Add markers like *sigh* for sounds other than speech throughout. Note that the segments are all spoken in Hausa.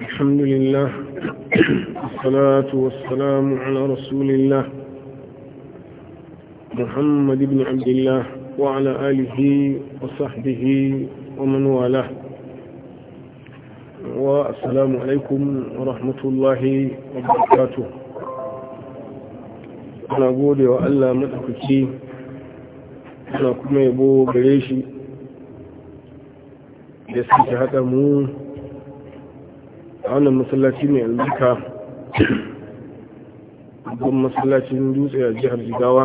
الحمد لله والصلاة والسلام على رسول الله محمد بن عبد الله وعلى آله وصحبه ومن والاه والسلام عليكم ورحمة الله وبركاته أنا أقول يا الله مدحكتي أنا كما يبو بريشي يسكت هذا مو a wannan masallaci ne albarka babban masallacin dutse a jihar jigawa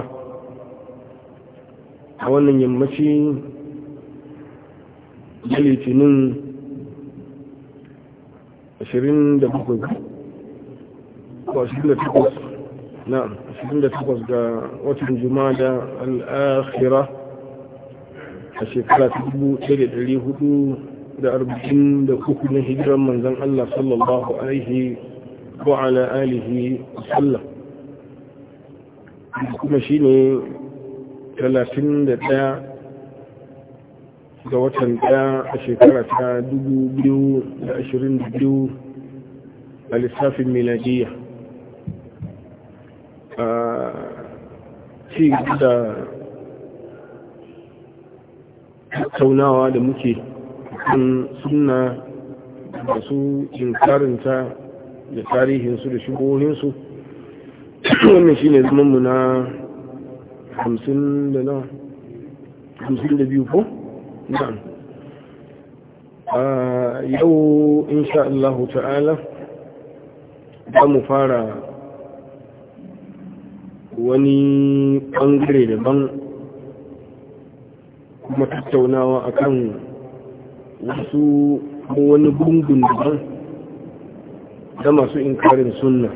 a wannan yammaci da litinin 27 ko 28 na 28 ga watan juma'a da al'akhira a shekara 1400 da arba'in da uku na hijiran manzan Allah sallallahu alaihi wa ala alihi sallam kuma shi ne talatin da ɗaya ga watan ɗaya a shekara ta dubu biyu da ashirin da biyu a lissafin miladiya a cikin da taunawa da muke kan sunna da su inkarinta da tarihinsu da shigohinsu wannan ne zamanmu na hamsin na hamsin da biyu ko? a yau insha Allah ta'ala za mu fara wani bangare daban kuma tattaunawa akan wasu wani gungun daban da masu inkarin sunna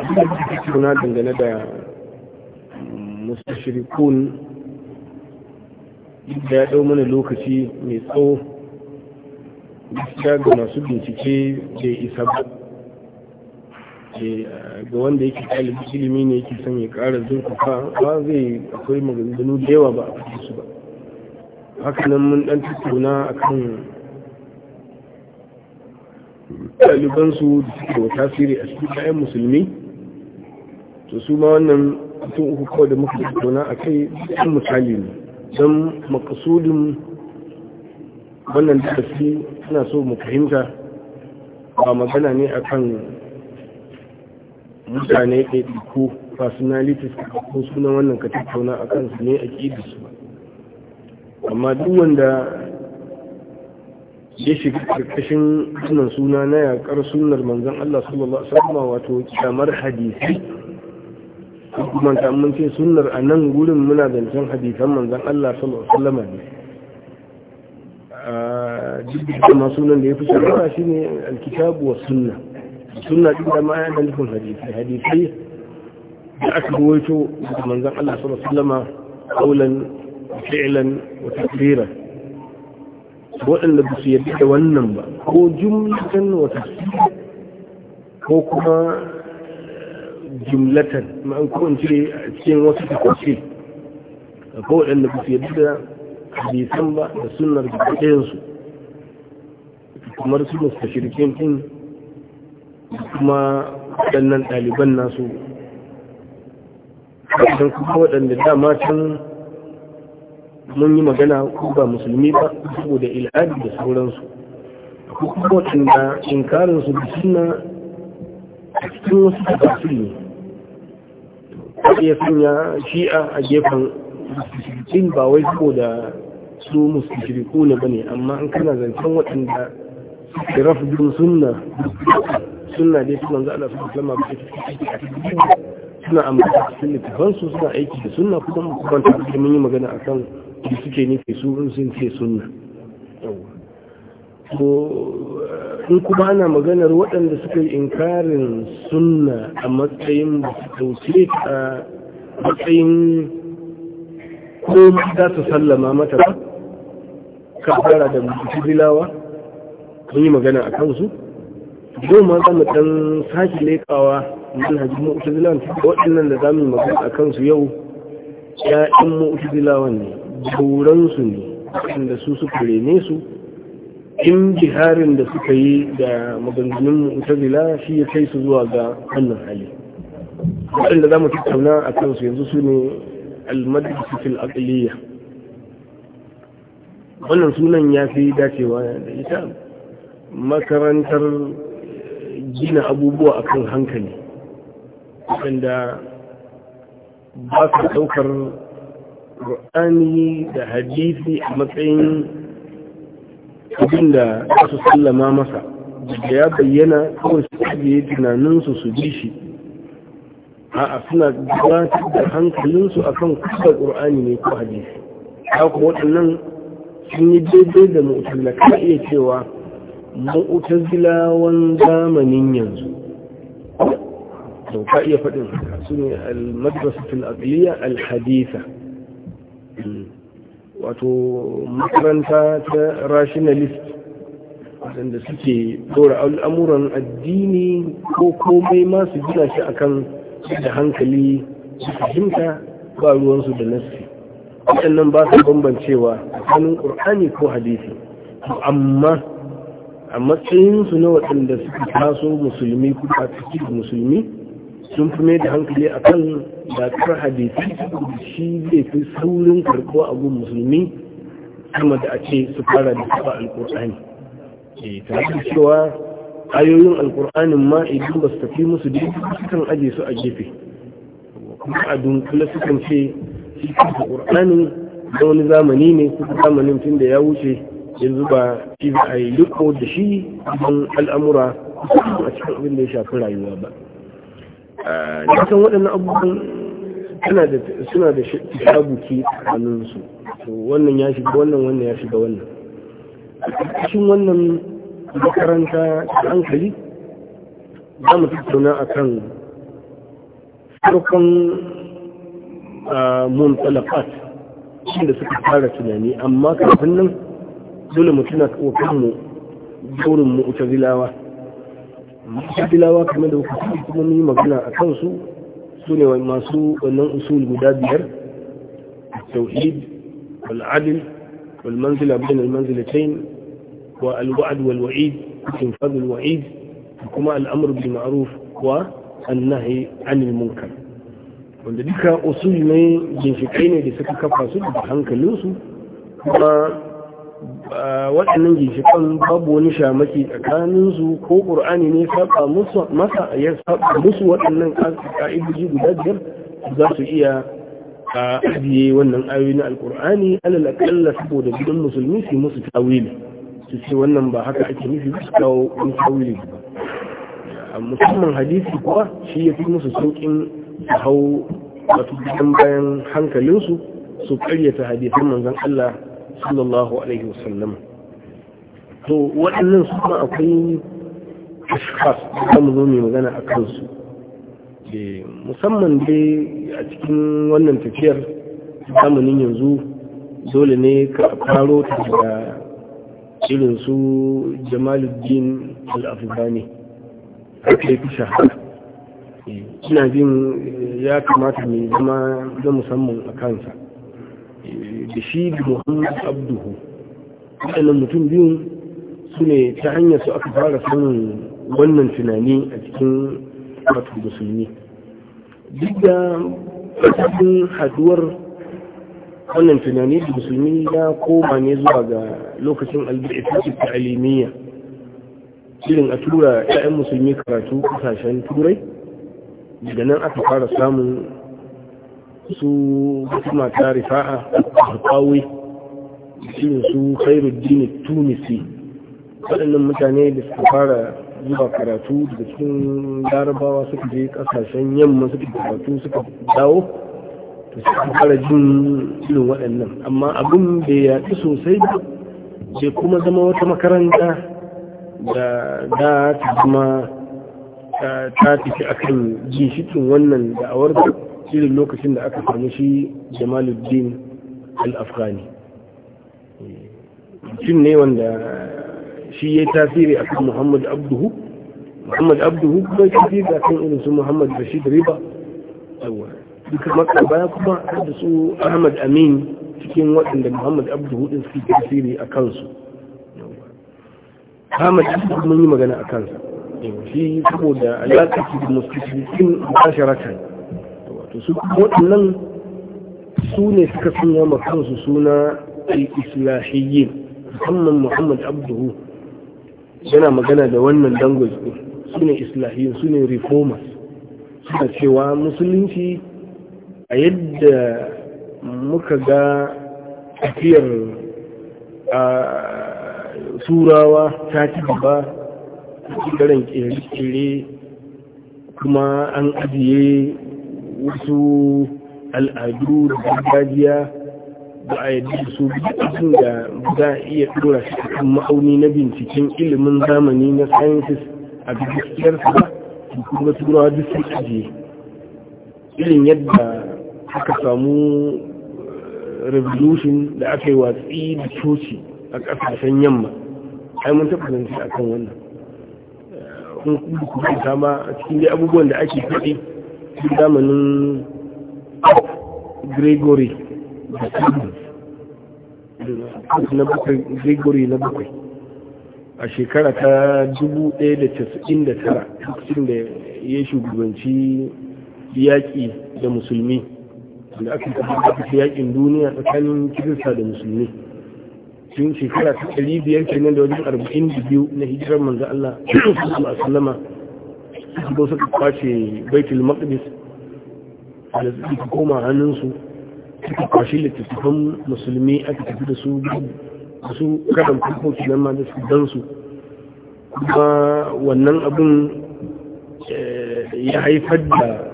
abinda da ke dangane da mustashirikun da ya ɗau mana lokaci mai tsawo gaskiya ga masu bincike da isa ba eh, ga wanda yake ɗalibi ilimi ne yake son ya ƙara zurfafa ba zai akwai maganganu da yawa ba a su ba hakanan mun dan tattauna akan ɗalibansu da suke da tasiri a cikin 'ya'yan musulmi to su ma wannan mutum uku kawai da muka tattauna a kai ɗan misali ne don makasudin wannan darasi suna so mu fahimta ba magana ne akan mutane ɗaiɗaiku personalities ko sunan wannan ka tattauna akan su ne a su ba amma duk wanda ya shiga karkashin sunan suna na yakar sunar manzan Allah sallallahu alaihi wasallam wato kyamar hadisi kuma ta mun ce sunar a nan gurin muna zancen hadisan manzan Allah sallallahu alaihi wasallam ne a jirgin sunan da ya fi shi shine alkitabu wa sunna sunna din da ma yana nufin hadisi hadisi da aka ruwaito manzan Allah sallallahu alaihi wasallam kaulan fi'ilan wa waɗanda ba su yadda da wannan ba ko jumlatan wata ko kuma jumlatan ma'an ko in cire a cikin wasu takwace ko waɗanda ba su yadda da hadisan ba da sunnar da ɗayansu kamar su mustashirkin din kuma waɗannan ɗaliban nasu waɗanda kuma waɗanda dama can mun yi magana ku ba musulmi ba saboda il'adi da sauransu kuma waɗanda inkarin su da suna a cikin wasu basu ne ta iya sanya shi'a a gefen musulmi ba wai ko da su musulmi ne ba ne amma an kana zancen waɗanda suke rafin suna suna dai suna za a lafi da wasallam ba suna amma cikin littafansu suna aiki da suna kuma kuma ta mun yi magana a kan. da suke nufi su sun ce sunna ko in kuma ana maganar waɗanda suka yi inkarin sunna a matsayin dauce a matsayin ko za su sallama mata ba kafara da bilawa kun yi magana a kansu yau ma za mu ɗan sake leƙawa manhajin mutubilawan waɗannan da za mu yi magana a kansu yau ya'yan mutubilawan ne dauransu ne waɗanda su suka rene su in jiharin da suka yi da maganganun mutazila shi ya kai su zuwa ga wannan hali waɗanda za mu tattauna a kansu yanzu su ne almadisi fil aqliya wannan sunan ya fi dacewa da ita makarantar gina abubuwa a kan hankali waɗanda ba su ɗaukar ƙur'ani da hadisi a matsayin abin da su sallama masa da ya bayyana kawai su ajiye tunaninsu su ji shi a suna gabatar da hankalinsu a kan kusa ƙur'ani ne ko hadisi haka waɗannan sun yi daidai da mu'tazila ka iya cewa mu'tazilawan zamanin yanzu ka iya faɗin haka su ne al-madrasatul aqliya al hadisa wato makaranta ta rationalist wadanda suke dora al'amuran addini ko komai masu gina shi akan da hankali su fahimta ba ruwansu da nassi waɗannan ba su bambancewa tsakanin ƙur'ani ko hadisi amma a matsayinsu na waɗanda suka taso musulmi kuma a cikin musulmi sun fi mai da hankali a kan dakar hadisi shi zai fi saurin karɓo gun musulmi sama da a ce su fara da saba alƙur'ani eh, ta cewa ayoyin alƙur'anin ma idan ba su tafi musu su kan aje su a gefe kuma a dunkula kan ce shi kansa ƙur'anin da wani zamani ne kuma zamanin tun da ya wuce yanzu ba shi za a yi riko da shi don al'amura a cikin abin da ya shafi rayuwa ba dukkan eh, waɗannan abubuwan suna da shabuki tsakaninsu wannan ya shiga wannan wannan ya shiga wannan cikin wannan makaranta ta hankali za mu tattauna a kan farkon eh, mun talafat inda suka fara tunani amma kafin nan dole mu tuna kokarinmu daurin mu utazilawa kabilawa kamar da kuka sani kuma mun yi magana a kansu su ne masu wannan usul guda biyar tauhid wal adl wal manzila bin al wa al wa'd wa'id kin wa'id kuma al amr maaruf ma'ruf wa an nahi an al wanda duka usul ne ginshikai ne da suka kafa su da hankalinsu kuma waɗannan ginshikan babu wani shamaki tsakaninsu ko ƙur'ani ne saba masa ya saba musu waɗannan ƙa'idoji guda biyar za su iya ajiye wannan ayoyi na alƙur'ani alal aƙalla saboda gidan musulmi su musu tawili su ce wannan ba haka ake nufi su kawo wani tawili ba musamman hadisi kuwa shi ya fi musu sauƙin su hau gidan bayan hankalinsu su ƙaryata hadisan manzan Allah sallallahu alaihi wasallam to waɗannan su ma akwai ashkas da mu zo mu magana a kansu eh, musamman dai a cikin wannan tafiyar zamanin yanzu dole ne ka faro ta da irin su jamaluddin al-afghani aka yi fi eh, ina jin ya kamata mai zama da musamman a kansa da muhammad abduhu waɗannan mutum biyu su ne ta hanyar su aka fara samun wannan tunani a cikin wato musulmi duk da cikin haduwar wannan tunani da musulmi ya koma ne zuwa ga lokacin albi'ifisu ta alimiyya irin a tura 'ya'yan musulmi karatu kasashen turai daga nan aka fara samun su mata rifa'a harkawi ne su dini tunisi waɗannan mutane da suka fara zuba karatu daga cikin larabawa suka je ƙasashen yamma suka karatu suka dawo to suka fara jin irin waɗannan amma abin bai yaɗi sosai ba kuma zama wata makaranta da da ta zama ta tafi akan ginshikin wannan da'awar da irin lokacin da aka samu shi jamaluddin al-afghani mutum ne wanda shi ya tasiri a kan muhammad abduhu muhammad abduhu kuma shi zai kan irin su muhammad rashid riba yawa duka maka baya kuma da su ahmad amin cikin waɗanda muhammad abduhu din suke tasiri a kansu ahmad abduhu mun yi magana a kansa shi saboda alaƙa da musulmi in basharatan su waɗannan su ne suka sanya ma kansu suna islahiyyin musamman muhammad abduhu yana magana da wannan dangos ɗin su ne islahiyyin su ne reformers suna cewa musulunci a yadda muka ga tafiyar a turawa ta ci gaba a ƙiƙaren ƙere-ƙere kuma an ajiye wasu al'adu da gargajiya ba a yadda su abin da za a iya dora shi a kan ma'auni na binciken ilimin zamani na sciences a sa ba kuma turawa duk sun ajiye irin yadda aka samu eh, revolution da aka yi watsi da coci a ƙasashen yamma ai mun taɓa zance a kan wannan kun eh, kuma kuma a cikin dai abubuwan da ake faɗi zamanin gregory da na bakwai gregory na bakwai a shekara ta 1999 daya da ya shugabanci yaƙi da musulmi da aka tafi yaƙin duniya tsakanin kirista da musulmi tun shekara ta 500 kenan da wajen 42 na hijirar manzo Allah sallallahu alaihi suka suka kwashe baitul maqdis da suka koma hannunsu suka kwashe littattafan musulmi aka tafi da su su karan farko kenan ma da su dan su kuma wannan abin eh, ya haifar da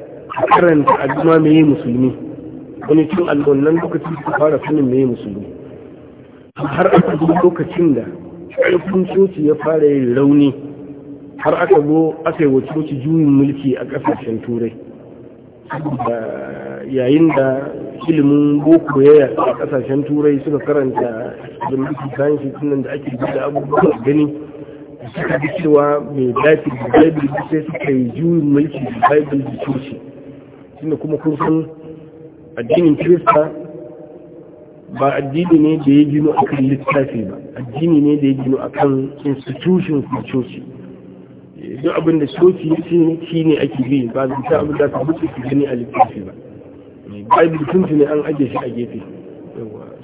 karanta al'umma mai musulmi wani cin al'ummar lokacin su fara sanin mai musulmi har a lokacin da ƙarfin coci ya fara yin rauni har aka zo aka yi wacce juyin mulki a ƙasashen turai yayin da ilimin boko ya a ƙasashen turai suka karanta jami'in sayansu tunan da ake da abubuwan gani suka bi cewa mai dafi da bible sai suka yi juyin mulki da baibul da coci tunda kuma kun san addinin kirista ba addini ne da ya gino a kan littafi ba addini ne da ya gino a kan institution da coci duk abin da soki ya ce shi ne ake bi ba zai ta abin da ta wuce ki gani a littafi ba bible tuntu ne an ajiye shi a gefe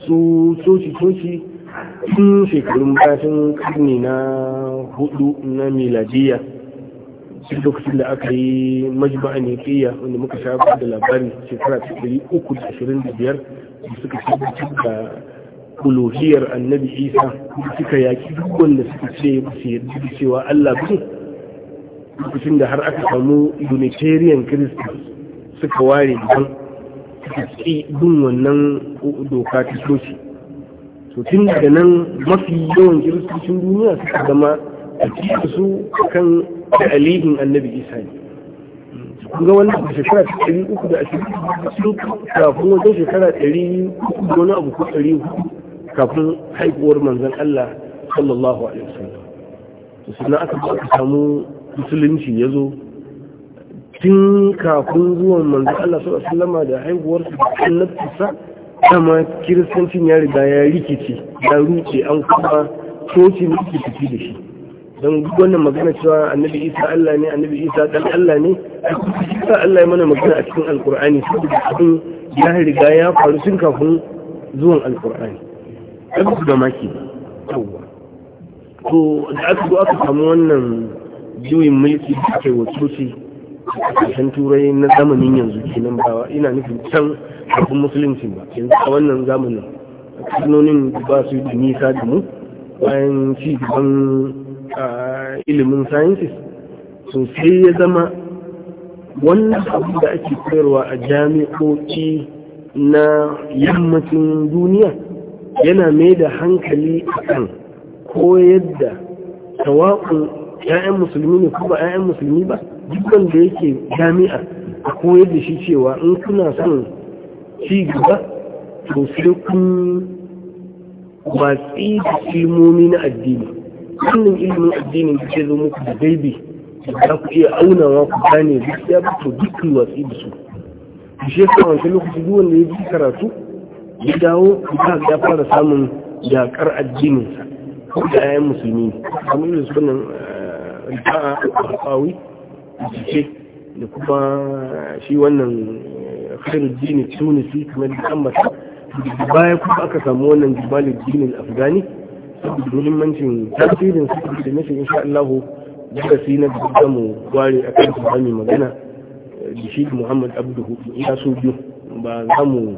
su soci soci sun shekarun bayan karni na hudu na miladiya duk lokacin da aka yi majma'a ne kiya wanda muka sha da labarin shekara ta ɗari uku da ashirin da biyar da suka tabbatar da uluhiyar annabi isa suka yaki duk wanda suka ce ba su yarda cewa allah bude. lokacin da har aka samu unitarian christians suka ware don suka ƙi bin wannan doka ta soci to tun daga nan mafi yawan kiristocin duniya suka zama a cikin su kan alihin annabi isa ne kun ga wannan a shekara ta ɗari uku da ashirin sun kafin wajen shekara ɗari uku da wani abu ko ɗari uku kafin haihuwar manzan Allah sallallahu alaihi wasallam to sannan aka samu musulunci ya zo tun kafin zuwan manzan Allah sallama da haihuwar su da annabtisa ma kiristancin ya riga ya rikice ya ruce an kuma cocin yake fiti da shi don wannan magana cewa annabi isa Allah ne annabi isa dan Allah ne isa Allah ya mana magana a cikin alkur'ani saboda abin ya riga ya faru tun kafin zuwan alkur'ani ɗan su da maki ba to da aka zo aka samu wannan juyin mulki da ake wakilci a ƙasashen turai na zamanin yanzu kenan ba ina nufin can abin musulunci ba yanzu a wannan zamanin kanonin ba su da nisa da mu bayan ci gaban ilimin sciences sosai ya zama wannan abu da ake koyarwa a jami'oci na yammacin duniya yana mai da hankali a kan koyar da tawa'un ƴaƴan musulmi ne kuma ƴaƴan musulmi ba duk wanda yake jami'a a koyar da shi cewa in kuna son ci gaba to sai kun watsi da ilmomi na addini wannan ilimin addinin da ke zo muku da gaibi za ku iya aunawa ku gane da ya fito duk watsi da su da shi yasa wancan lokaci duk wanda ya ji karatu ya dawo ya fara samun yakar addininsa ko da 'ya'yan musulmi amma sunan rifa'a al-qawi cike da kuma shi wannan eh, khairuddin tunisi kamar da an baya kuma aka samu wannan jibaluddin al-afghani saboda muhimmancin tasirin su da nake insha Allah daga si na da mu ware akan su bani magana eh, da shi Muhammad Abduhu ina so biyu ba za mu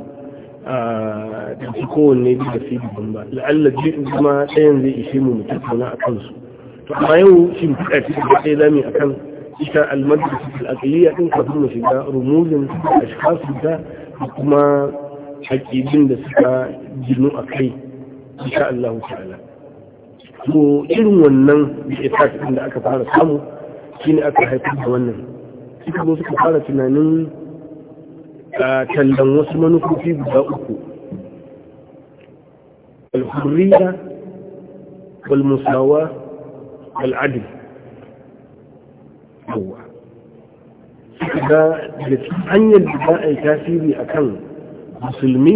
a ah, tafi kowanne da su ba la'alla kuma ɗayan zai ishe mu mu tattauna a kansu to amma yau shi buka ce da ɗaya zami a kan ita almadrasa al'aqliya din kafin mu shiga rumuzin ashkasu da kuma haƙiƙin da suka ginu a kai insha Allah ta'ala to irin wannan effect ɗin da aka fara samu shine aka haifar da wannan suka zo suka fara tunanin tallan wasu manufofi guda uku al-hurriya wal musawa al'adil yawa da hanyar da za a yi tasiri a kan musulmi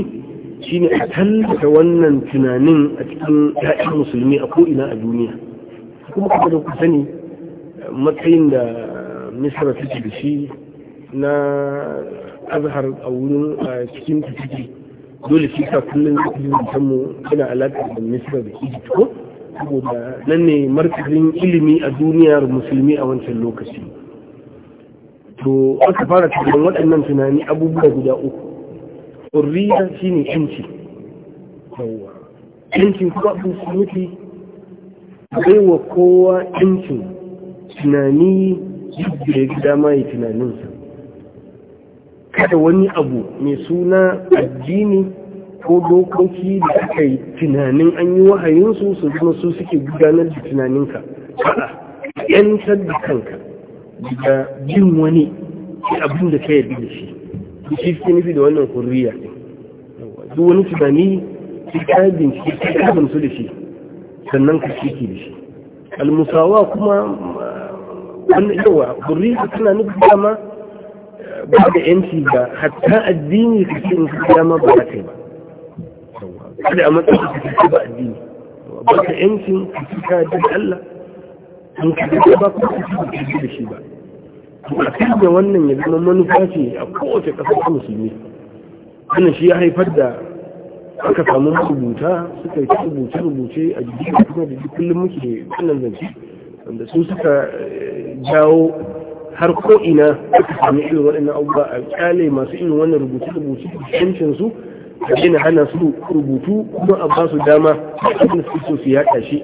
shine a tallata wannan tunanin a cikin ya'yan musulmi a ko'ina a duniya kuma kuma da ku sani matsayin da misra take da shi na azhar a wurin a cikin ta dole shi sa kullum zai yi mu yana alaƙa da misra da egypt ko saboda nan ne markazin ilimi a duniyar musulmi a wancan lokaci to aka fara cikin waɗannan tunani abubuwa guda uku ƙurriya shi ne yanci yancin kuma abin mutu, bai wa kowa yancin tunani yadda ya gida ma yi tunaninsa kada wani abu mai suna addini ko dokoki da aka yi tunanin an yi wahayinsu su zama su suke gudanar da tunaninka a'a yantar da kanka daga jin wani abin da ka yi da shi da shi suke nufi da wannan hurriya duk wani tunani ke kajin shi ke kajin su da shi sannan ka ciki da shi almusawa kuma wani yawa hurriya tana nufin dama eh, ba da yanci ba hatta addini ka ce in ka dama ba za ka yi ba kada a matsayin da ta ba addini ba ka yancin ka ci da Allah in ka da ba ku ci ka ci da shi ba to a kan da wannan ya zama manufa ce a kowace ƙasar ta musulmi wannan shi ya haifar da aka samu rubuta suka yi rubuce-rubuce a jiki kuma da kullum muke wannan zance wanda su suka eh, jawo har ko'ina aka sami irin waɗannan abubuwa a kyale masu irin wannan rubuce-rubuce da su a gina hana su rubutu kuma a ba su dama abin su so su Ya shi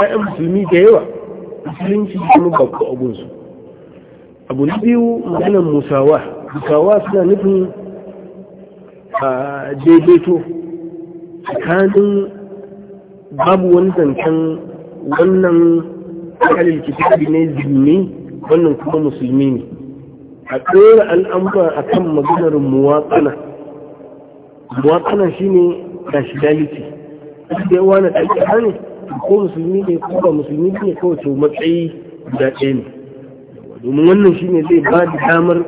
ayan musulmi da yawa musulunci kuma babu abun abunsu abu na biyu maganar musawa musawa suna nufin a daidaito tsakanin babu wani zancen wannan kalil kitabi ne zilmi wannan kuma musulmi ne a tsere al'amura akan maganar muwatsana muwakana shine nationality da yawa na ɗan har ne ko musulmi ne ko ba musulmi ne kawai ce matsayi guda ɗaya ne domin wannan ne zai ba da damar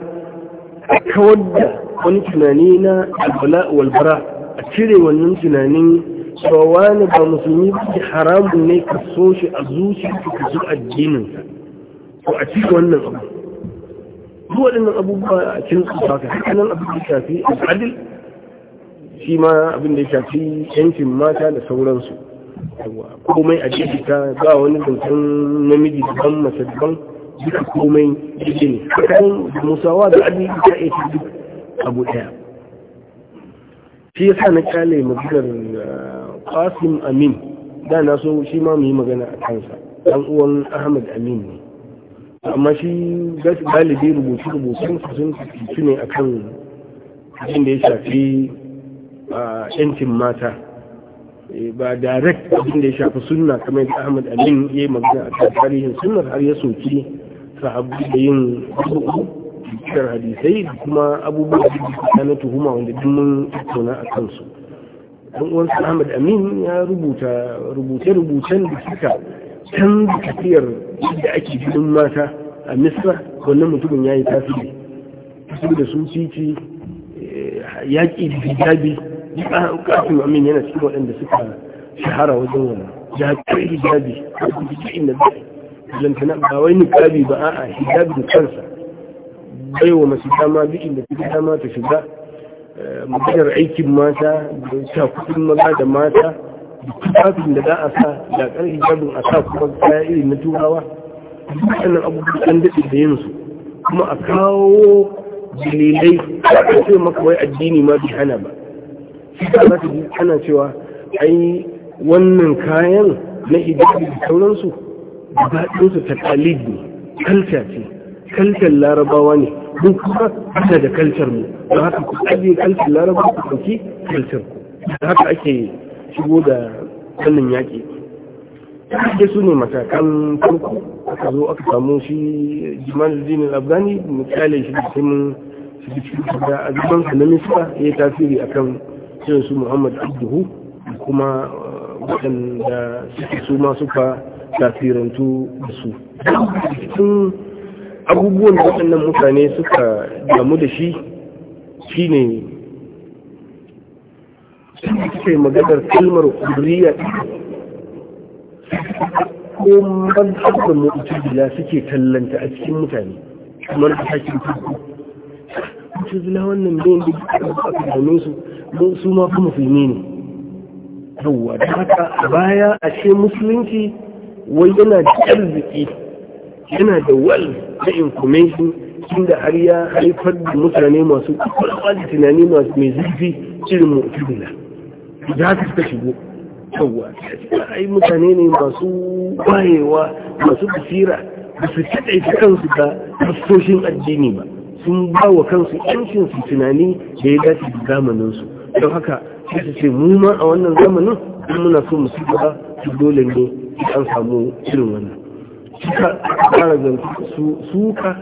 kawar da wani tunani na albala walbara a cire wannan tunanin cewa ne ba musulmi ba haramun ne ka so shi a zuci ka zo addininsa ko a cikin wannan abu duk waɗannan abubuwa a cikin su haka hakanan abin da shafi al'adil shi ma abin da ya shafi yankin mata da sauransu komai a jiki ta ba wani zancen namiji daban mace daban duka komai jiki ne musawa da abin da ya duk abu daya shi ya sa na kyale maganar kwasim ah, amin da na so shi ma mu magana a kansa dan uwan ahmad amin ne amma shi galibi rubutu-rubutun sun fi ne kan abin da ya shafi yancin mata eh, ba direct abin da ya shafi sunna kamar yadda Ahmad Amin ya yi magana a tarihin sunnar har ya soki sahabbi da yin abubu hadisai da kuma abubuwan da na tuhuma wanda duk tattauna a kansu dan uwan Ahmad Amin ya rubuta rubuce-rubucen da suka canza tafiyar da ake gidan mata a Misra wannan mutumin ya yi tasiri da su cici eh, yaƙi da hijabi katin amin yana cikin waɗanda suka shahara wajen wani da haƙar hijabi a cikin inda zai lantana ba wai niƙabi ba a hijabi da kansa bai wa masu dama duk inda suka dama ta shiga eh, maganar aikin mata da kuɗin maza da mata da tufafin da za a sa da ƙar hijabin a sa kuma kaya iri na turawa dukkanin abubuwan an daɗe da yin su kuma a kawo dalilai a ce maka wai addini ma bai hana ba shi ana cewa ai wannan kayan na hijabi da sauransu ba ɗinsu ta kalid ne kalta ce kaltar larabawa ne mun kuma ana da kaltar mu don haka ku ajiye kaltar larabawa ku ɗauki kaltar ku da haka ake shigo da wannan yaƙi ake su ne matakan farko aka zo aka samu shi jimaluddin zinin afghani misali shi da sai mun shi da shi da sa na misra ya tasiri akan irin su muhammad abduhu kuma uh, waɗanda su ma suka tafirantu da su sun abubuwan da waɗannan mutane suka damu da shi shi shine suke maganar kalmar kuduriya ko mazhabar mu'tazila suke tallanta a cikin mutane kamar da hakin mu'tazila wannan ne da su don su ma kuma musulmi ne yauwa da haka a baya ashe musulunci wai yana da arziki yana da wal na information inda har ya haifar da mutane masu kwalwa da tunani masu mai zurfi irin mu'tazila za haka suka shigo yawwa ai mutane ne masu bayewa masu basira ba su kaɗaita kansu da fastoshin addini ba sun ba wa kansu yancin su tunani da ya dace da zamaninsu don haka kasa ce mu ma a wannan zamanin in muna so mu shiga su dole ne an samu irin wannan suka fara su suka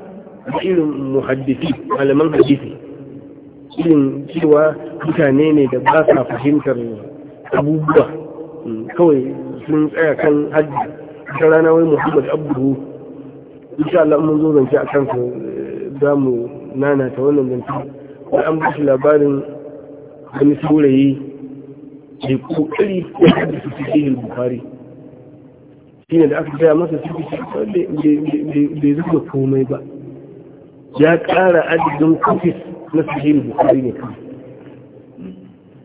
irin muhaddisi malaman hadisi irin cewa mutane ne da ba sa fahimtar abubuwa hmm, kawai sun tsaya kan hajji ta rana wai muhammad abubu insha Allah mun zo zance a kansa eh, za mu nana ta wannan zance wai an bashi labarin wani saurayi mai kokari ya haddasa cikin bukari shi ne da aka gaya masa cikin bai zama komai ba ya ƙara adadin kofis na cikin bukari ne kan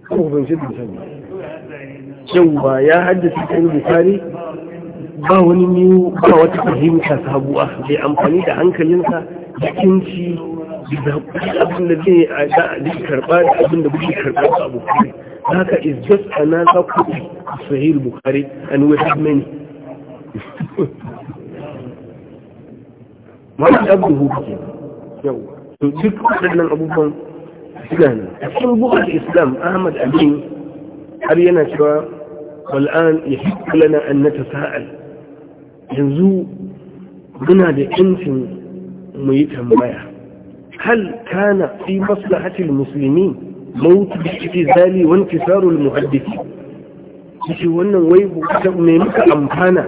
kuma shi da Yau ba ya haddasa cikin bukari ba wani miyu ba wata fahimta sabuwa bai amfani da hankalinsa da kinci da abin da zai a karɓa da abin bai karɓa ba abu kare haka is just another copy of sahih bukhari and we have many *laughs* wannan abin hukuki yawa to duk waɗannan abubuwan suna nan a cikin buhar islam ahmad amin har yana cewa wal'an ya hikku lana an na tasa'al yanzu muna da yancin mu yi tambaya هل كان في مصلحة المسلمين موت الاعتزال وانكسار المحدثين shi wannan wai bukatar mai muka amfana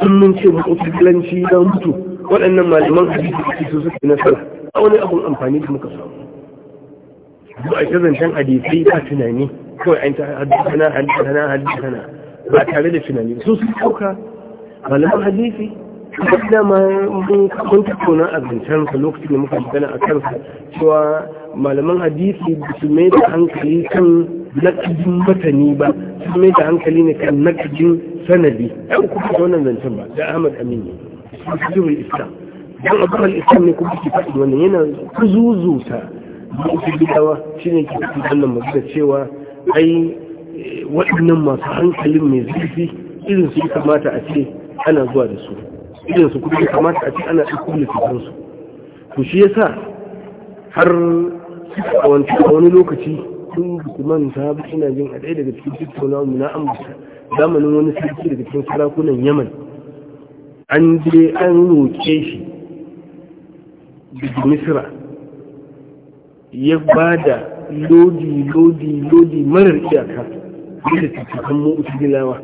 sun mun ce mu ƙutubilanci na mutu waɗannan malaman hadisi da su suke nasara a wani abun amfani da muka samu ba a ta zancen hadisai ba tunani kawai an ta haddana haddana haddana ba tare da tunani su hadisi da ma mun tattauna a zancensa lokacin da muka magana a kansa cewa malaman hadisi su mai da hankali kan nakajin matani ba su mai da hankali ne kan nakajin sanadi ɗan kuma da wannan zancen ba da ahmad amin ne su islam don abu al ne kuma ke faɗi wannan yana kuzuzuta da ita gidawa shi ne ke faɗi wannan magana cewa ai eh, waɗannan masu hankalin mai zurfi irin su kamata a ce ana zuwa da su idan su kuma kamata a ce ana ɗauko littattafan su to shi yasa har a wani lokaci sun hukuman ta bi ina jin a ɗaya daga cikin tattaunawa mu na amurka zamanin wani sarki daga cikin sarakunan yaman an je an roƙe shi da misira ya ba da lodi lodi lodi marar iyaka da tattakan mu'utu gilawa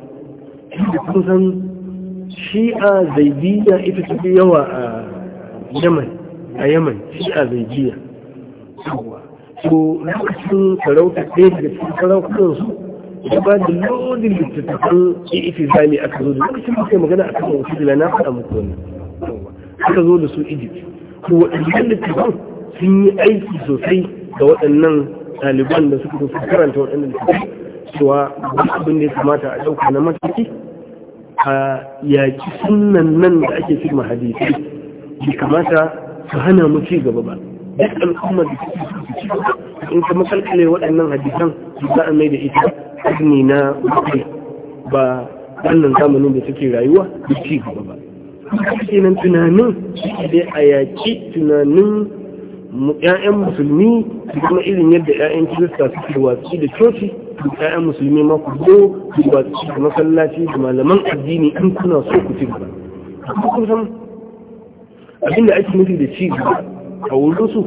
shi da kun san shi'a zaidiyya ita ta fi yawa a yaman a yaman shi'a zaidiyya Ko lokacin sarauta ɗaya daga cikin sarautar su da ba da lodin littattafan ifi zami aka zo da lokacin da magana magana kan wasu jila na faɗa muku wani aka zo da su egypt Ko waɗannan littattafan sun yi aiki sosai ga waɗannan ɗaliban da suka karanta waɗannan littattafan cewa abin da ya kamata a ɗauka na mataki a yaki sunan nan da ake cikin hadisi bai kamata su hana mu ci gaba ba duk al'umma da suke su ci gaba in ka kalkale waɗannan hadisan za a mai da ita azumi na ba wannan zamanin da suke rayuwa su ci gaba ba kenan tunanin shi a yaki tunanin 'ya'yan musulmi su kuma irin yadda 'ya'yan kirista suke watsi da coci ‘ya'yan musulmi ma ku zo su watsi da masallaci da malaman addini in kuna so ku ci gaba kusan abinda ake nufi da ci gaba a su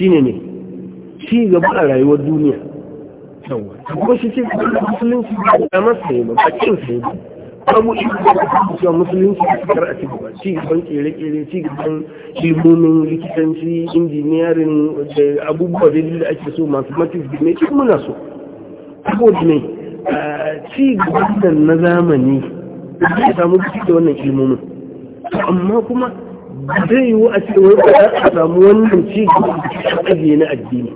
shi ne ne ci gaba a rayuwar duniya kuma shi ce musulunci da masu yi ba bakin sai ba samu ilimin cewa musulunci a kar a cigaba ci gaban kere-kere ci gaban ilmomin likitanci injiniyarin da abubuwa da ake so masu matis da mai cikin muna so saboda ne ci gaban na zamani zai samu ci da wannan ilmomin amma kuma zai yi wa a cikin wani ba a samu wannan ci gaban da ke na addini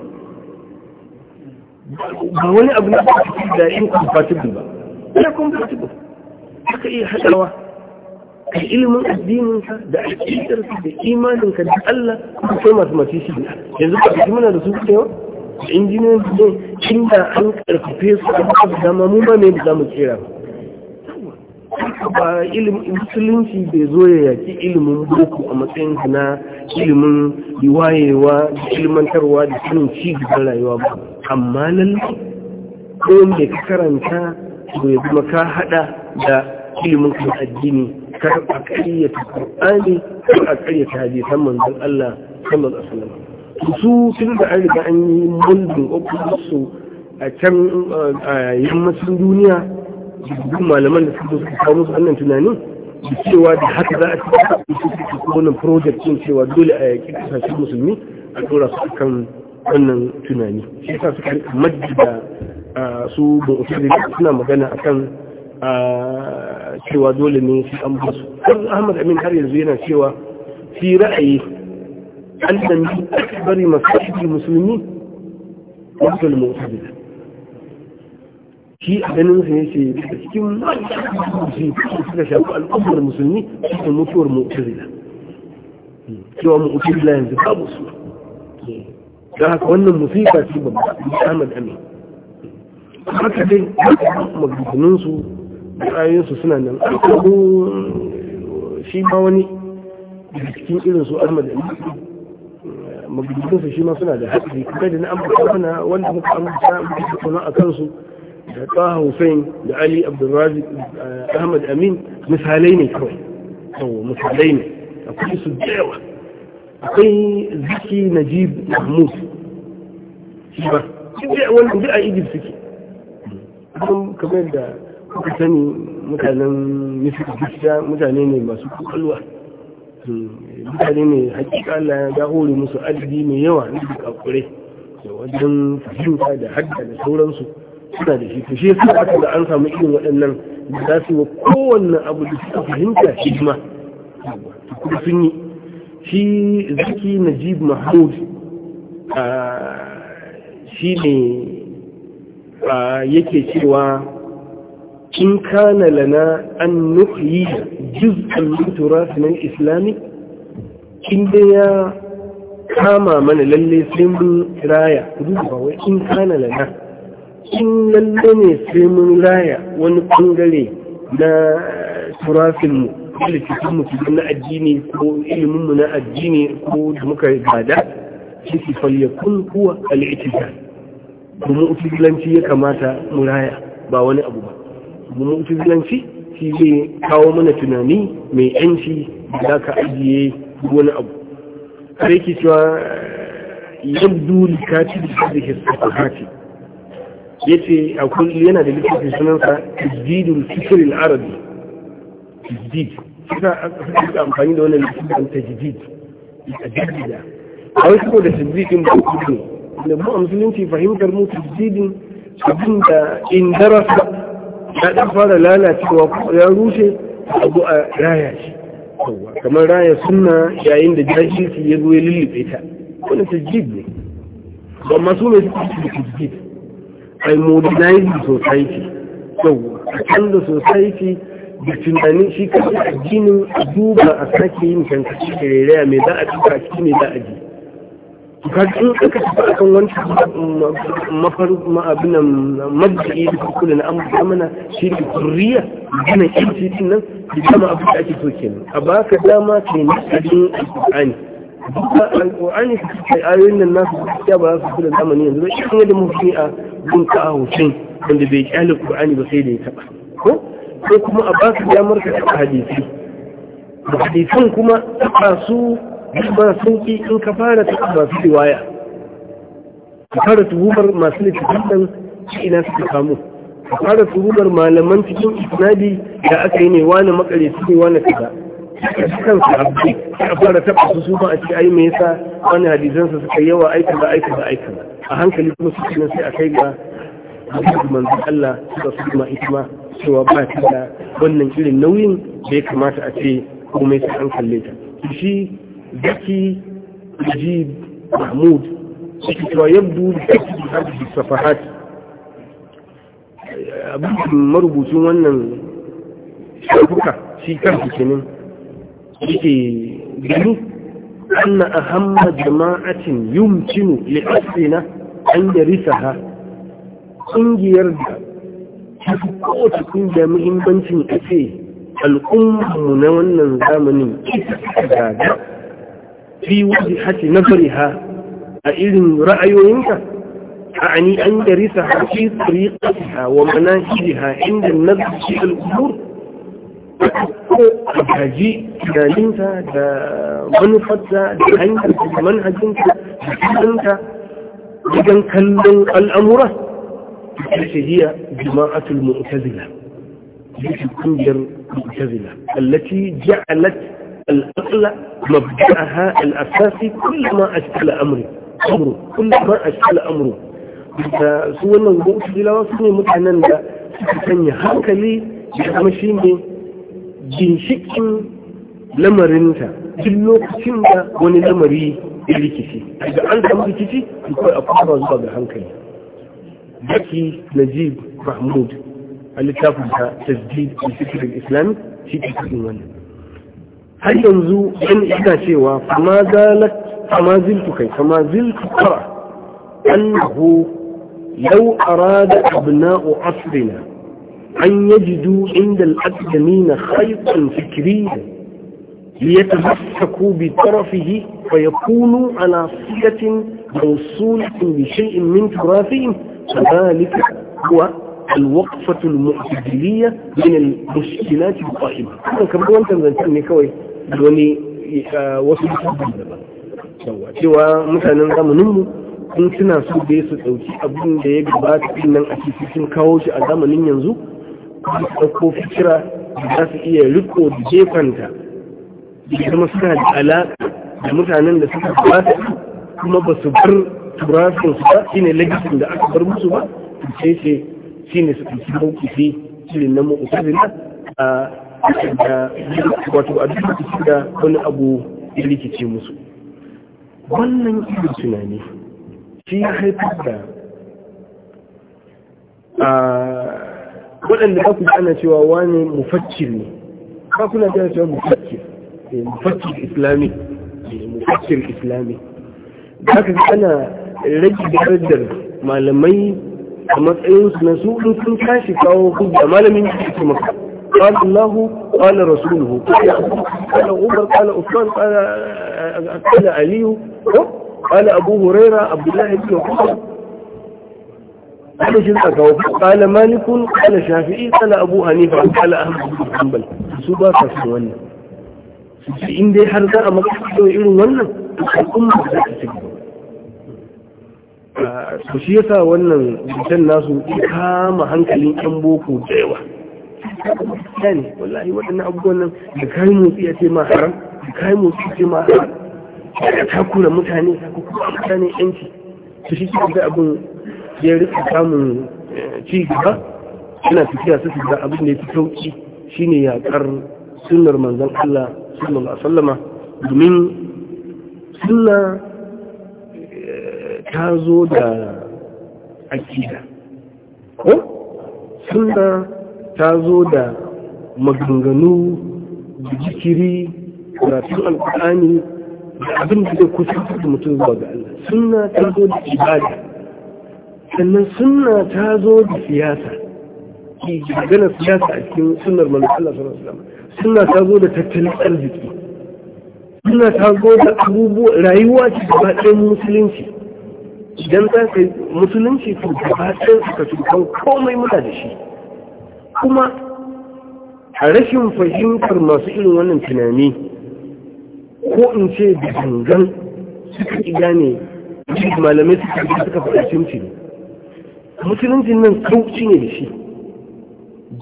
ba wani abu na da incompatible ba ina compatible aka iya haɗawa a ilimin addininka da aƙidarka da imaninka da Allah kuma sai masu mace shi yanzu ba su muna da su cewa da injiniyan su ne inda an ƙarfafe su a su dama mu ba ne da za mu kera ba ba ilimin musulunci bai zo ya yaki ilimin boko a matsayin na ilimin yiwayewa da ilimantarwa da sanin ci rayuwa ba amma lallai ko wanda ka karanta to kuma ka hada da ilimin kan addini kar a ƙaryata Qur'ani kar a ƙaryata hadisan manzon Allah sallallahu alaihi wasallam su tun da an riga an yi mundin su a yammacin duniya duk malaman da suka suka kawo musu wannan tunanin da cewa da haka za a ci su suke wannan project din cewa dole a yaƙi kasashen musulmi a ɗora su kan wannan tunani shi yasa suka rika su bukutari suna magana a kan cewa dole ne su an basu kan ahmad amin har yanzu yana cewa fi ra'ayi an dandu bari masu musulmi wasu musulmi shi a ganin sa yace da cikin musulmi suka shafi al'ummar musulmi da mutuwar mu'tazila cewa mu'tazila yanzu babu su don haka wannan musifa ce babba Ahmad Amin haka dai maganganunsu ra'ayinsu suna nan ko shi ma wani cikin irinsu su ahmad maganganunsu shi ma suna da haɗari kuma da na ambata mana wanda muka ambata muka kuma a kansu da taha hussein da ali abdulrazi eh, ahmad amin misalai ne kawai yau misalai ne akwai su da akwai ziki najib mahmud shi ba shi da wannan duk a egypt suke kan kamar da kuka sani mutanen misirgiya mutane ne masu kwakwalwa hmm, mutane ne hakika Allah ya hore musu adadi mai yawa na kakure da wajen fahimta da hadda da sauransu suna da shi tushe su aka da an samu irin waɗannan da za su yi wa kowanne abu da suka fahimta shi kuma sun yi shi zaki najib mahmud ah, shi ne yake cewa in kana lana an nufi juz'an min turathina al-islami kin da ya kama mana lalle sai mun raya ba wai in kana lana Kin lalle ne sai mun raya wani ɓangare na eh, turafin mu da cikin mu na addini ko ilimin na addini ko da muka gada shi fal yakun huwa al-i'tizal mu'tazilanci ya kamata mu raya ba wani abu ba mu'tazilanci shi zai kawo mana tunani mai yanci da ka ajiye wani abu kare yake cewa ka ci da ce a akwai yana da littafin sunansa tajdidul fikr al-arabi a kisa aka amfani da wannan littafin tajdid a jirgin da a wasu ko da tajdidin ba ku da mu a musulunci fahimtar mu tajjidin abinda da in darasa ya dan fara lalacewa ya rushe a a raya shi kamar raya sunna yayin da jahilci ya zo ya lullube ta wani tajjid ne ba masu mai suke tajjid ai modernizing society yawwa a canza society da tunanin shi kan addinin a duba a sake yin kanka cikin raya mai za a duka shi ne za a ji gajin aka tafi a kan wancan mafarin majiyi da kula na amurka mana shi da kuriya gina yanci din nan da dama abin da ake so kenan a baka dama ka yi nasarin alƙur'ani duka alƙur'ani su kai ayoyin nan nasu gaskiya ba za su kula zamani yanzu ba shi da mafi a gunka a hoton wanda bai kyale ƙur'ani ba sai da ya taɓa ko ko kuma a baka damar ka taɓa hadisi da hadisan kuma taɓa su ba sun fi in ka fara ta masu riwaya ka fara tuhumar masu littafin nan ina suka kamo ka fara tuhumar malaman cikin isnadi da aka yi ne wani makare su ne wani kaza kan su abu a fara taɓa su ba a ce ai me yasa wani hadizansa suka yawa aika da aika da aika a hankali kuma su cikin sai a kai ga abubuwan manzon Allah suka su ma ita cewa ba ta da wannan irin nauyin da ya kamata a ce komai sai an kalle ta shi ذكي نجيب محمود ويبدو ذكي هذه الصفحات abin marubucin wannan shafuka shi kansu kenan yake gani anna ahamma jama'atin yumkinu li asrina an yarisaha kungiyar da ta kowace kungiya muhimmancin kace mu na wannan zamanin ita ta gada في وجهة نظرها أئذن رأي رأيك أعني أن يرثها في طريقتها ومناهجها عند النظر في الأمور الحجي تنالينك منفتك لأنك منهجك أنت لكن كلم الأمور التي هي جماعة المعتزلة التي جعلت الأصل مبدأها الأساسي كلما أشكل أمره أمره كلما أشكل أمره سوى أنه مؤسسة وصني da suka sanya hankali da kuma shi ne ginshikin lamarinta duk lokacin da wani lamari ya rikici da an samu rikici akwai akwai zuwa ga hankali zaki najib mahmud a littafin ta tasdid al-fikr al cikin wannan هل ينزو ان احنا شيوا فما زالت فما زلت كي فما زلت قرى انه لو اراد ابناء عصرنا ان يجدوا عند الاكدمين خيطا فكريا ليتمسكوا بطرفه فيكونوا على صلة موصولة بشيء من تراثهم فذلك هو الوقفة المعتدلية من المشكلات القائمة كما قلت أنت wani wasu da ba cewa mutanen zamaninmu sun suna su da su ɗauki abin da ya gabata ɗin nan a cikin kawo shi a zamanin yanzu su fikira da za su iya riko da jefanta da kuma suna da alaƙa da mutanen da suka gabata kuma ba su bar turasin su ba shine legacy da aka bar musu ba sai sai shine su ɗauki mawukifi shirin a da wato a duk lokacin da wani abu ya rikice musu wannan irin tunani shi ya haifar da a waɗanda ba ku ji ana cewa wani mufaccir ne ba kuna ji ana cewa mufaccir eh, mufaccir islami eh, mufaccir islami za ka ana rage darajar malamai a matsayinsu na su sun tashi kawo kuma malamin da ke maka قال الله قال رسوله قال عمر قال عثمان قال قال علي قال أبو هريرة عبد الله بن عمر قال شنك قال مالك قال شافعي قال أبو حنيفة قال أحمد بن حنبل سبا كسوانا إن دي حرزاء مكتب وإلو ونا الأمة ذات سجد ku shi yasa wannan bitan nasu kama hankalin yan boko da yawa ta ne wallahi waɗannan abubuwan nan da kayi motsi ya ce ma haram da kayi motsi ya ce ma haram da takura mutane ko kuma mutane yanci su shi ke da abin ya rika samun eh, ci gaba yana tafiya su shiga abin da ya fi sauki shine yaƙar sunnar manzon Allah sallallahu alaihi wasallama domin sunna eh, ta zo da akida ko sunna ta zo da maganganu da jikiri tun alƙa'ani, da abin da zai kusa da mutum zuwa ga Allah suna ta zo da ibada sannan suna ta zo da siyasa ki magana siyasa a cikin sunar manzo suna sallallahu ta zo da tattalin arziki suna ta zo da abubuwa rayuwa ce gaba ɗayan musulunci idan za ka musulunci to gaba ɗayan suka tukan komai muna da shi kuma a rashin fahimtar masu irin wannan tunani ko in ce da gangan suka iya ne malamai suka ƙi suka faɗa cimci ne musuluncin nan kauci ne da shi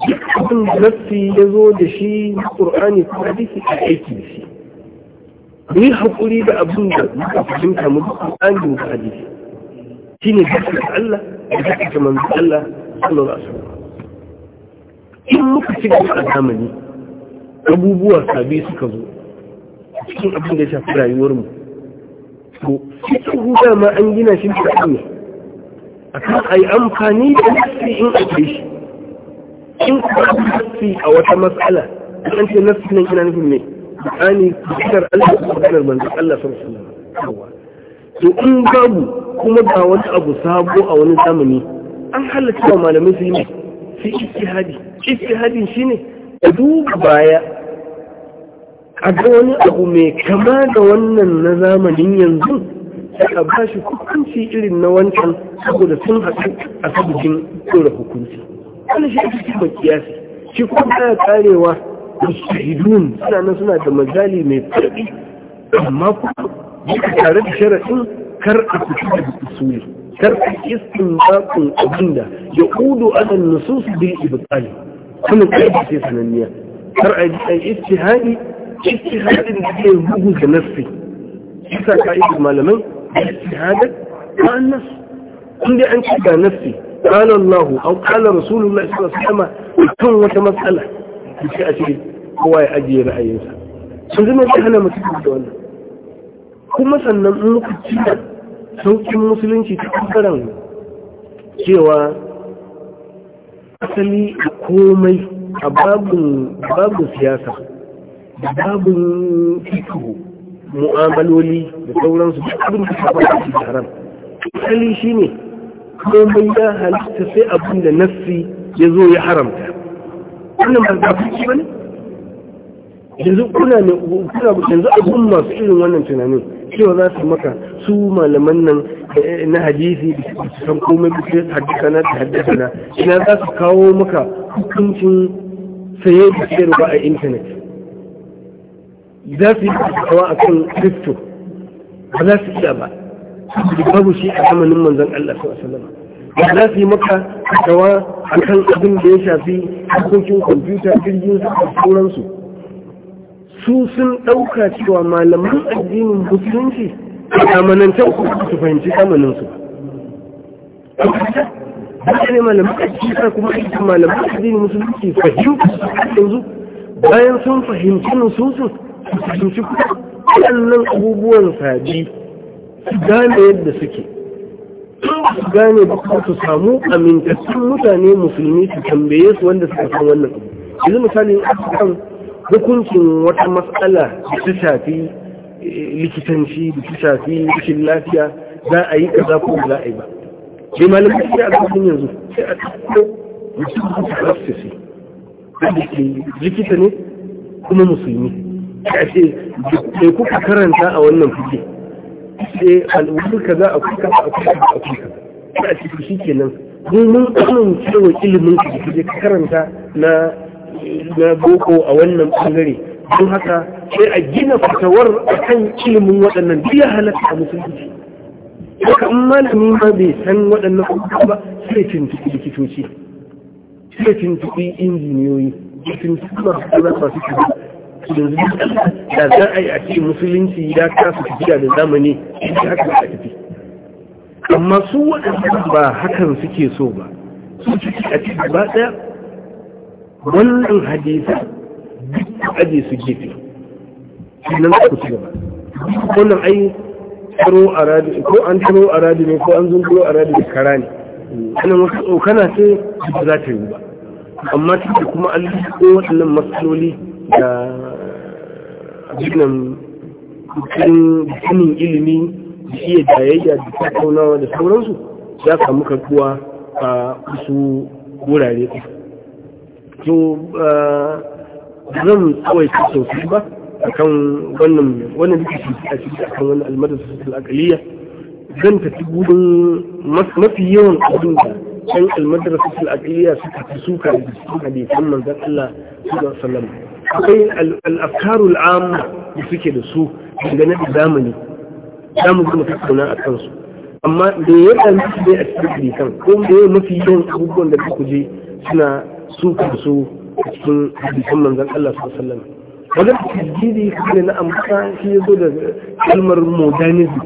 duk abin da ya zo da shi na ƙur'ani ko hadisi a aiki da shi mu yi haƙuri da abin da muka fahimta mu duk ƙur'ani da muka hadisi shi ne da Allah da gaskata manzo Allah sallallahu alaihi wasallam in muka ci a zamani abubuwa sabi suka zo cikin abin da ya shafi rayuwarmu to cikin huda ma an gina shi da ne a kan a yi amfani da nasi in a kai shi in kuma nasi a wata matsala kan ce nasi nan ina nufin ne bukani kusurar allah ko allah to in babu kuma ga wani abu sabo a wani zamani an halatta wa malamai su yi mai sai istihadi ijtihadin shine ka duba baya a ga wani abu mai kama da wannan na zamanin yanzu sai a ba shi hukunci irin na wancan saboda sun haɗu a sabbin tura hukunci wani shi ake cikin kiyasi shi kuma ya karewa da shahidun suna nan suna da majali mai faɗi amma kuma duka tare da sharaɗin kar a fito da usuli kar a istin bakon abinda ya ƙudu anan nusus bil ibtali wannan yi ce sananniya har a yi ɗan istihadi istihadin da ke bugu da nassi isa ka'idar malamai istihadar ta nas inda an ci ga nassi قال الله أو قال رسول الله صلى الله عليه وسلم كن وتمسألة بشيء أشيء هو يأجي رأيينسا سنزم يتحنى مسيح الدولة كما سنن مكتشفة سوكي مسلم شيء تكبرا cewa asali da komai a babin siyasa da babin fito mu'amaloli da sauransu da abin da ta faɗa cikin haram asali shi ne komai ya halitta sai abin da nassi ya zo ya haramta wannan ba zafi ba ne yanzu kuna ne kuna yanzu abin masu irin wannan tunanin cewa za su maka su malaman nan na hadisi san komai bisa haddasa haddasa na ina za su kawo maka hukuncin saye da sayarwa a intanet za su yi kawo a kan kristo ba za su iya ba da babu shi a zamanin manzan Allah su asalama ba za su yi maka kawo a kan abin da ya shafi hukuncin kwamfuta jirgin su a sauransu su sun ɗauka cewa malaman addinin musulunci a zamanantar ku su fahimci zamanin su ba ne malamai a cikin kuma aikin malamai a zini musulunci fahimci yanzu bayan sun fahimci nususun su fahimci kuma waɗannan abubuwan sabi su gane yadda suke su gane ba su samu amintattun mutane musulmi su tambaye su wanda suka san wannan abu yanzu misali a cikin hukuncin wata matsala da ta shafi likitanci da shafi rashin lafiya za a yi kaza ko za a yi ba sai malamai shi a zafin yanzu sai a tsakko mutum da tarassisi wanda ke likita ne kuma musulmi a ce sai kuka karanta a wannan fuke sai al'ummar kaza a kuka a kuka a kuka sai a cikin shi nan domin kanin cewa ilimin ka karanta na boko a wannan bangare don haka sai a gina fatawar a kan ilimin waɗannan biya halatta a musulunci haka in malami ma bai san waɗannan kuma ba sai tuntuɓi likitoci sai tuntuɓi injiniyoyi da tuntuɓi masu kula masu kula su da za a yi a ce musulunci ya kasa tafiya da zamani shi haka ba tafi amma su waɗannan ba hakan suke so ba su ciki a ciki ba ɗaya wannan hadisa Ajiye su gefe sannan ku ci gaba wannan ai tsaro a radi ko an tsaro a radi ne ko an zunguro a radi da kara ne wannan wasu tsokana ce ba za ta yi ba amma take kuma an ko waɗannan matsaloli da abinan sanin ilimi da iya jayayya da tattaunawa da sauransu ya samu karbuwa a wasu wurare to eh, zan kawai ta sosai ba a wannan wannan da ke a ciki kan wannan almadrasatul aqliya zan tafi gudun mafi yawan abin da ɗan almadrasatul aqliya su fi suka da cikin hadisan manzon Allah su ga wasallam akwai al'afkaru afkarul amma da suke da su dangane da zamani za mu zama tattauna a kansu amma da ya ɗanci dai a cikin kan, ko da ya mafi yawan abubuwan da kuka je suna suka da su cikin hadisin manzon Allah sallallahu alaihi wasallam wajen tajjidi kuma na amsa shi yazo da kalmar modernism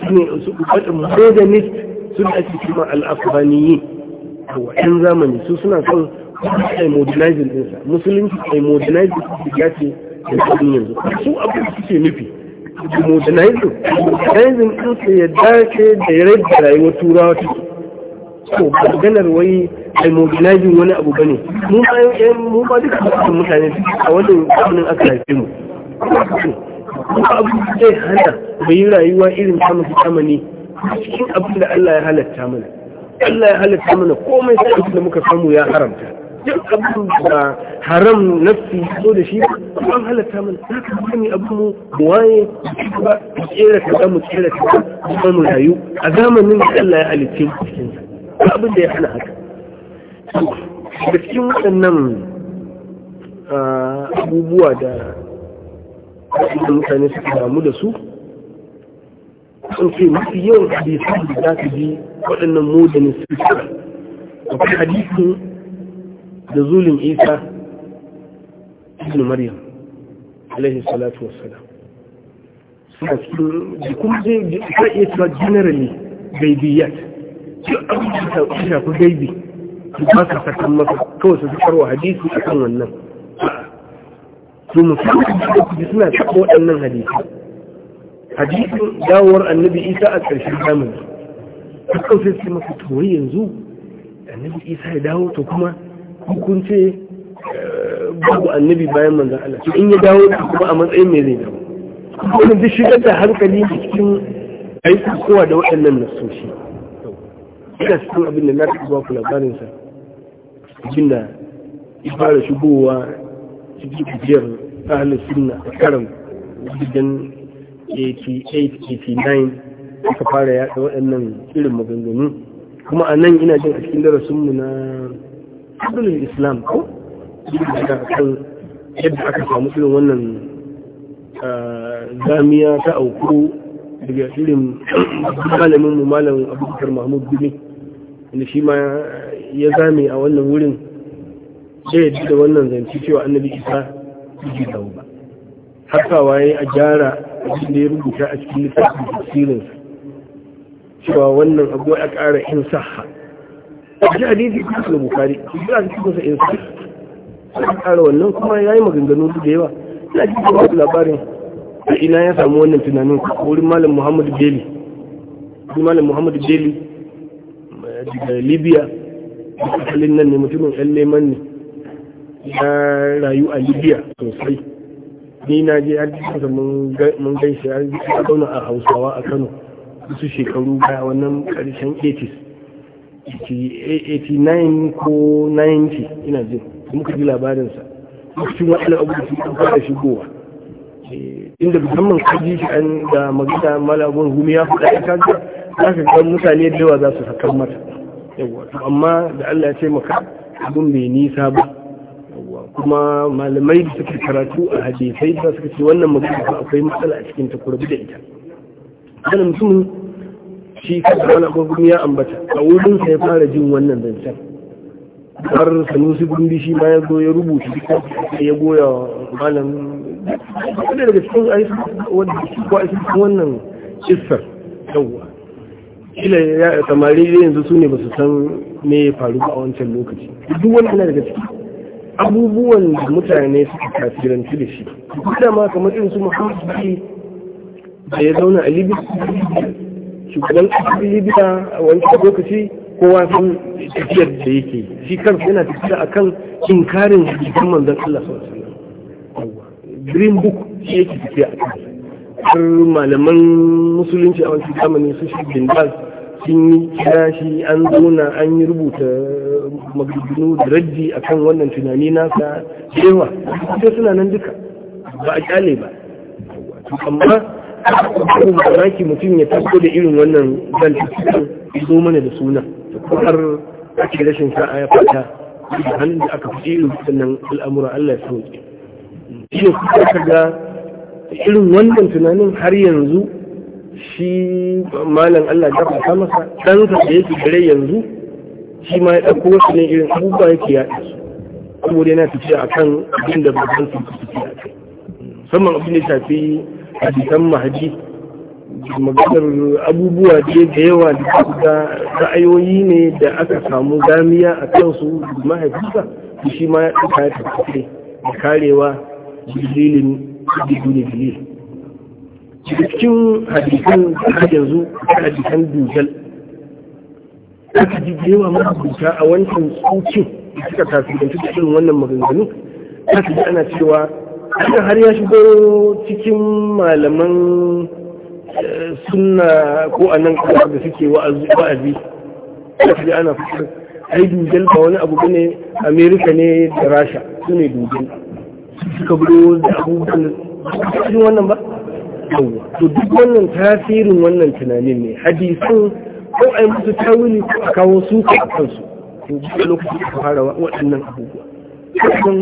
sune su kwadin modernist sun ake kuma al-afghaniyi to yan zamani su suna son ai modernizing din sa musulunci ai modernizing ya ce da kudin yanzu su abin da suke nufi modernizing modernizing din su ya dace da yadda rayuwar turawa take to ganar wai ai wani abu bane mu ba yan eh, mu ba duka mutum mutane a wannan zamanin aka haife mu kuma abu zai hana mu yi rayuwa irin ta tsama ne, cikin abin da Allah ya halatta mana Allah ya halatta mana komai sai da muka samu ya haramta duk abin da haram nafsi so da shi ba an halatta mana za ka sani abin mu waye ba mu kera ta mu kera ta mu rayu a zamanin da Allah ya halitta mu cikin sa abin da ya hana haka da cikin waɗannan abubuwa da waɗannan mutane suka damu da su sun ce mafi yawan hadisi da za su ji waɗannan modanin su akwai hadisi da zulun isa ibn maryam alaihi salatu wassalam suna cikin kuma zai iya cewa generally gaibiyat shi abin da ta shafi gaibi ba ka fatan maka kawai su fitar wa hadisi a kan wannan su musamman da kuji suna taɓa waɗannan hadisi hadisin dawowar annabi isa a ƙarshen zamani ta sai su maka tori yanzu annabi isa ya dawo to kuma hukunce eh, babu annabi bayan manzan Allah in ya dawo kuma a matsayin mai zai dawo kuma duk shigar da hankali cikin aiki kowa da waɗannan nasoshi ina cikin abin da na taɓa ba ku labarinsa abinda ya fara shigowa cikin kujiyar ahalin sunna a karan wajen 88-89 aka fara yaɗa waɗannan irin maganganu kuma a nan ina jin a cikin darasinmu na abdullin islam ko da aka yadda aka samu irin wannan ah, zamiya ta auku daga irin malamin mu malamin abubakar mahmud gumi wanda shi ma ya zame a wannan wurin sai ya da wannan zance cewa annabi isa ji dawo ba haka waye a gyara abin da ya rubuta a cikin littafin tafsirin cewa wannan abu ya ƙara in sahha a ji hadisi ta da bukari shi za su cikin sa in sahha ƙara wannan kuma ya yi maganganu da yawa ina ji da wasu labarin a ina ya samu wannan tunanin wurin malam muhammadu beli malam muhammadu beli daga libya asalin nan ne mutumin yan neman ne ya rayu a libya sosai ni na je har jikinsa mun gaishe har jikinsa zauna a hausawa a kano su shekaru baya wannan karshen 80s 89 ko 90 ina jin muka ji labarinsa lokacin waɗanda abu su an fara shigowa eh, inda musamman kaji shi an da magana malagun gumi ya fi ya kaga za ka ga mutane da yawa za su sakan mata yawa amma da Allah ya ce maka abin bai nisa ba kuma malamai da suke karatu a hadisai da suka ce wannan magana ba akwai matsala a cikin ta da ita wannan mutum shi kansa wani abubuwan ya ambata a wurin sa ya fara jin wannan zancen har sanusi gundi shi ma ya zo ya rubuta ya goya malam da daga cikin wannan kissar yawa kila ya samari yanzu su ne ba su san me ya faru a wancan lokaci duk wani ana daga ciki abubuwan da mutane suka tasiranci da shi da ma kamar irin su muhammadu bari da ya zauna a libya shugaban libya a wancan lokaci kowa sun tafiyar da yake shi kansa yana tafiya kan inkarin jikin manzon Allah sallallahu alaihi wasallam green book shi yake tafiya akan har malaman musulunci a wancan zamani su shi bin sun yi kira shi an zauna an yi rubuta magudunu da rajji a kan wannan tunani nasa cewa sai suna nan duka ba a kyale ba amma ko ki mutum ya tasko da irin wannan zantattukan zo mana da suna da kuma har ake rashin sa'a ya fata da hannun da aka fi irin sannan al'amura Allah ya sauke. Shi ne kuka ga irin wannan tunanin har yanzu shi malam Allah ya fata masa ɗansa da yake gare yanzu shi ma ya ɗauko wasu ne irin abubuwa yake yaɗa su saboda yana tafiya a kan abin da babban su su tafiya a kai musamman abin da shafi hadisan mahadi maganar abubuwa da yawa da suka ra'ayoyi ne da aka samu gamiya a su mahadisa shi ma ya ɗauka ya tafi da karewa dalilin da duniya cikin hadisan har yanzu a hadisan dujal aka ji yawa marubuta a wancan tsokin da suka tasirantu da irin wannan maganganu aka ji ana cewa haka har ya shigo cikin malaman eh, suna ko a nan kuma da suke wa'azi aka ji ana fitar ai dujal ba wani abu ne amerika ne da rasha su ne dujal suka buro da abubuwan da suka wannan ba yawa to duk wannan tasirin wannan tunanin ne hadisan ko a yi musu tawili ko a kawo suka a kansu ji a lokacin da fara waɗannan abubuwa kan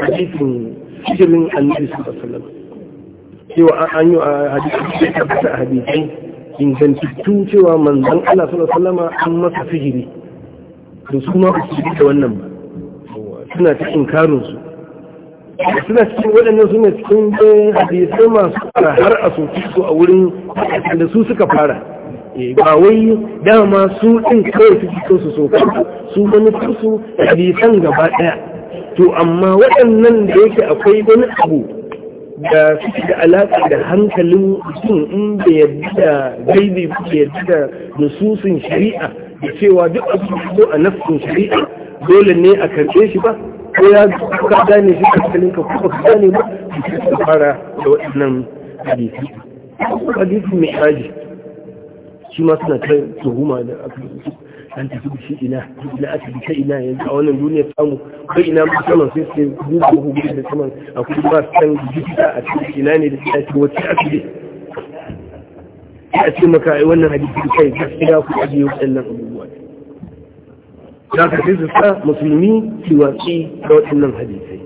hadisin shirin annabi sallallahu salama. wasallam cewa an yi a hadisi da tabbata a hadisai ingantattu cewa manzan Allah sallallahu alaihi wasallam an masa sihiri to su ma su da wannan ba suna ta inkarin su suna cikin waɗannan suna cikin hadisai masu fara har a soci su a wurin da su suka fara eh, ba wai dama su ɗin kawai su fito su soka su wani su hadisan gaba ɗaya to amma waɗannan da yake akwai wani abu da suke da alaƙa da hankalin mutum in da yadda da gaibe da yadda da nususin shari'a da cewa duk su ko a nafsin shari'a dole ne a karɓe shi ba ko ya ka gane shi hankalin ka ko ka gane ba su fara da waɗannan hadisi hadisi mai haji shi ma suna kai tuhuma da aka an tafi da shi ina ina aka bi ta ina yanzu a wannan duniya samu ko ina ma saman sai sai duba ko gudu da saman akwai ba san jikita a cikin ina ne da ta ce wacce aka bi a ce maka wannan hadisi kai gaskiya ku ajiye waɗannan abubuwa za ka sa musulmi su watsi da waɗannan hadisai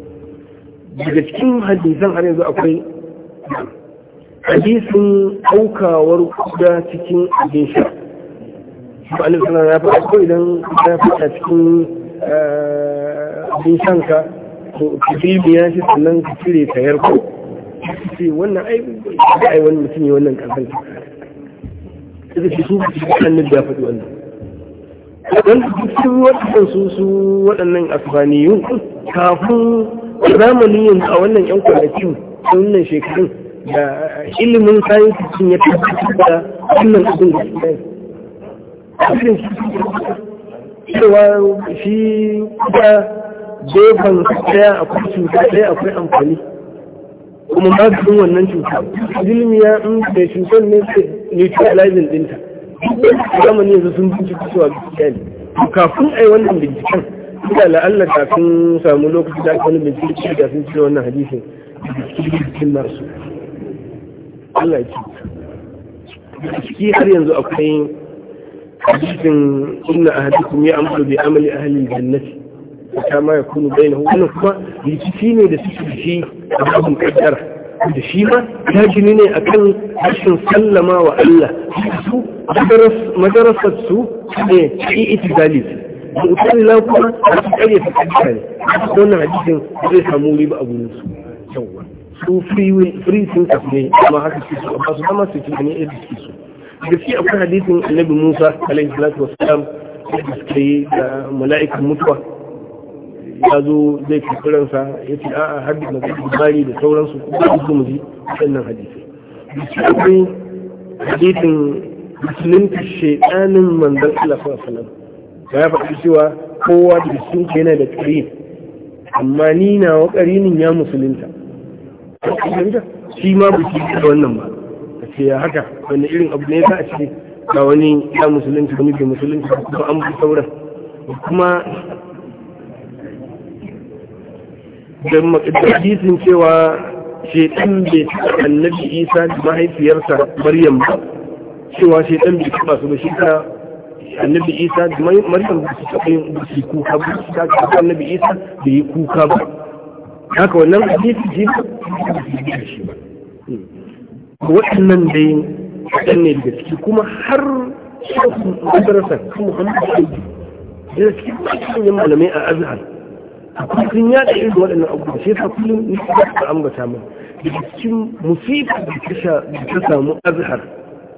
daga cikin hadisan har yanzu akwai hadisin aukawar kuda cikin abin sha ba alif sana ya faɗa ko idan ya faɗa cikin abin ka to ka ya shi sannan ka cire ka yarko ce wannan ai ai wannan mutum ne wannan ƙasar ka ce su su ya faɗi wannan don su waɗannan su su waɗannan asbaniyun kafin zamanin yanzu a wannan yan kwanaki a wannan shekarun da ilimin kayan cikin ya tabbatar da wannan abin da su irin cewa shi kuka gefen ɗaya akwai cuta ɗaya akwai amfani kuma maganin wannan cuta ilimi ya in da cutar ne neutralizing ɗinta zamani yanzu sun bincika cewa gaskiya ne kafin a yi wannan binciken ina la'alla kafin samu lokaci da aka wani bincike da sun cire wannan hadisin cikin nasu Allah ya ci ciki har yanzu akwai hadisin inna ahadikum ya bi amali ahli jannati fa kama yakunu bainahu wannan kuma rikici ne da suke shi a cikin kaddara da shi ma ta gini ne akan harshen sallama wa Allah su madarasar su ne ci itidali da utari la kuma a su kare ta kanta ne wannan hadisin zai samu riba a gurin su yawa su free thinkers ne amma haka su ba su dama su tunani yadda suke so gaskiya akwai hadisin annabi musa alaihi salatu wasalam da suka yi da mala'ikan mutuwa ya zo zai fi kiransa ya ce a'a hadisi na bukari da sauransu ba su mu ji wannan hadisi akwai hadisin musulunta shekanin manzan Allah sallallahu ya faɗi cewa kowa da musulunta yana da ƙari amma ni na wa ƙarinin ya musulunta shi ma ba shi da wannan ba a ce ya haka wani irin abu ne za a ce ga wani ya musulunta wani ke musulunta kuma an bi sauran kuma da hadisin cewa shaitan bai taɓa annabi isa da mahaifiyarsa maryam ba cewa shaitan bai taɓa su ba shi ta annabi isa da maryam ba su taɓa yin ba su kuka ba su ta annabi isa da yi kuka ba haka wannan hadisi ji ba shi ba waɗannan dai waɗanne daga ciki kuma har shafin madarasa yi. yana cikin malamai a azhar sun yada irin waɗannan abubuwa shi yasa kullum ni ba ta ambata min daga cikin musibar da ta samu azhar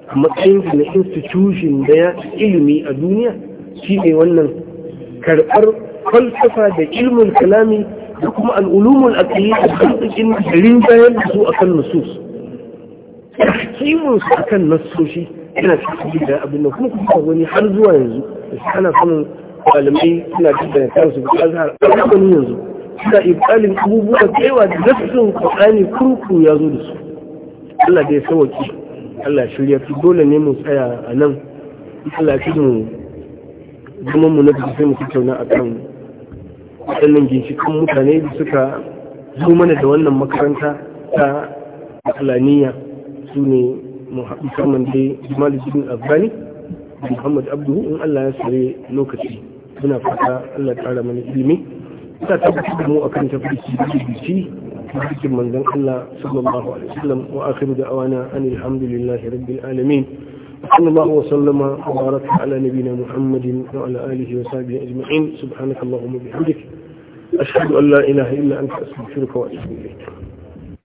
a matsayin na institution da ya ilimi a duniya shi ne wannan karɓar falsafa da ilmin kalami da kuma al'ulumul aqliya da cikin garin bayan da su akan nusus tahkimin su akan shi yana cikin da abin nan kuma kuma wani har zuwa yanzu ana samun malamai suna tattara kansu ga azhar a yanzu suna ibtalin abubuwa tsewa da nassin qur'ani kurku ya zo da su Allah dai sauki Allah shirya fi dole ne mu tsaya a nan Allah shi mu zama mu na sai mu tattauna akan waɗannan ginshikan mutane da suka zo mana da wannan makaranta ta alaniya su ne musamman dai jimal jibin afghani muhammad abdu in allah ya sare lokaci muna fata Allah ƙara mana ilimi ta tabbatar da mu akan tabbaki da bici cikin manzon Allah sallallahu alaihi wasallam wa akhiru da'wana anil hamdulillahi rabbil alamin صلى الله وسلم وبارك على نبينا محمد وعلى آله وصحبه أجمعين سبحانك اللهم وبحمدك أشهد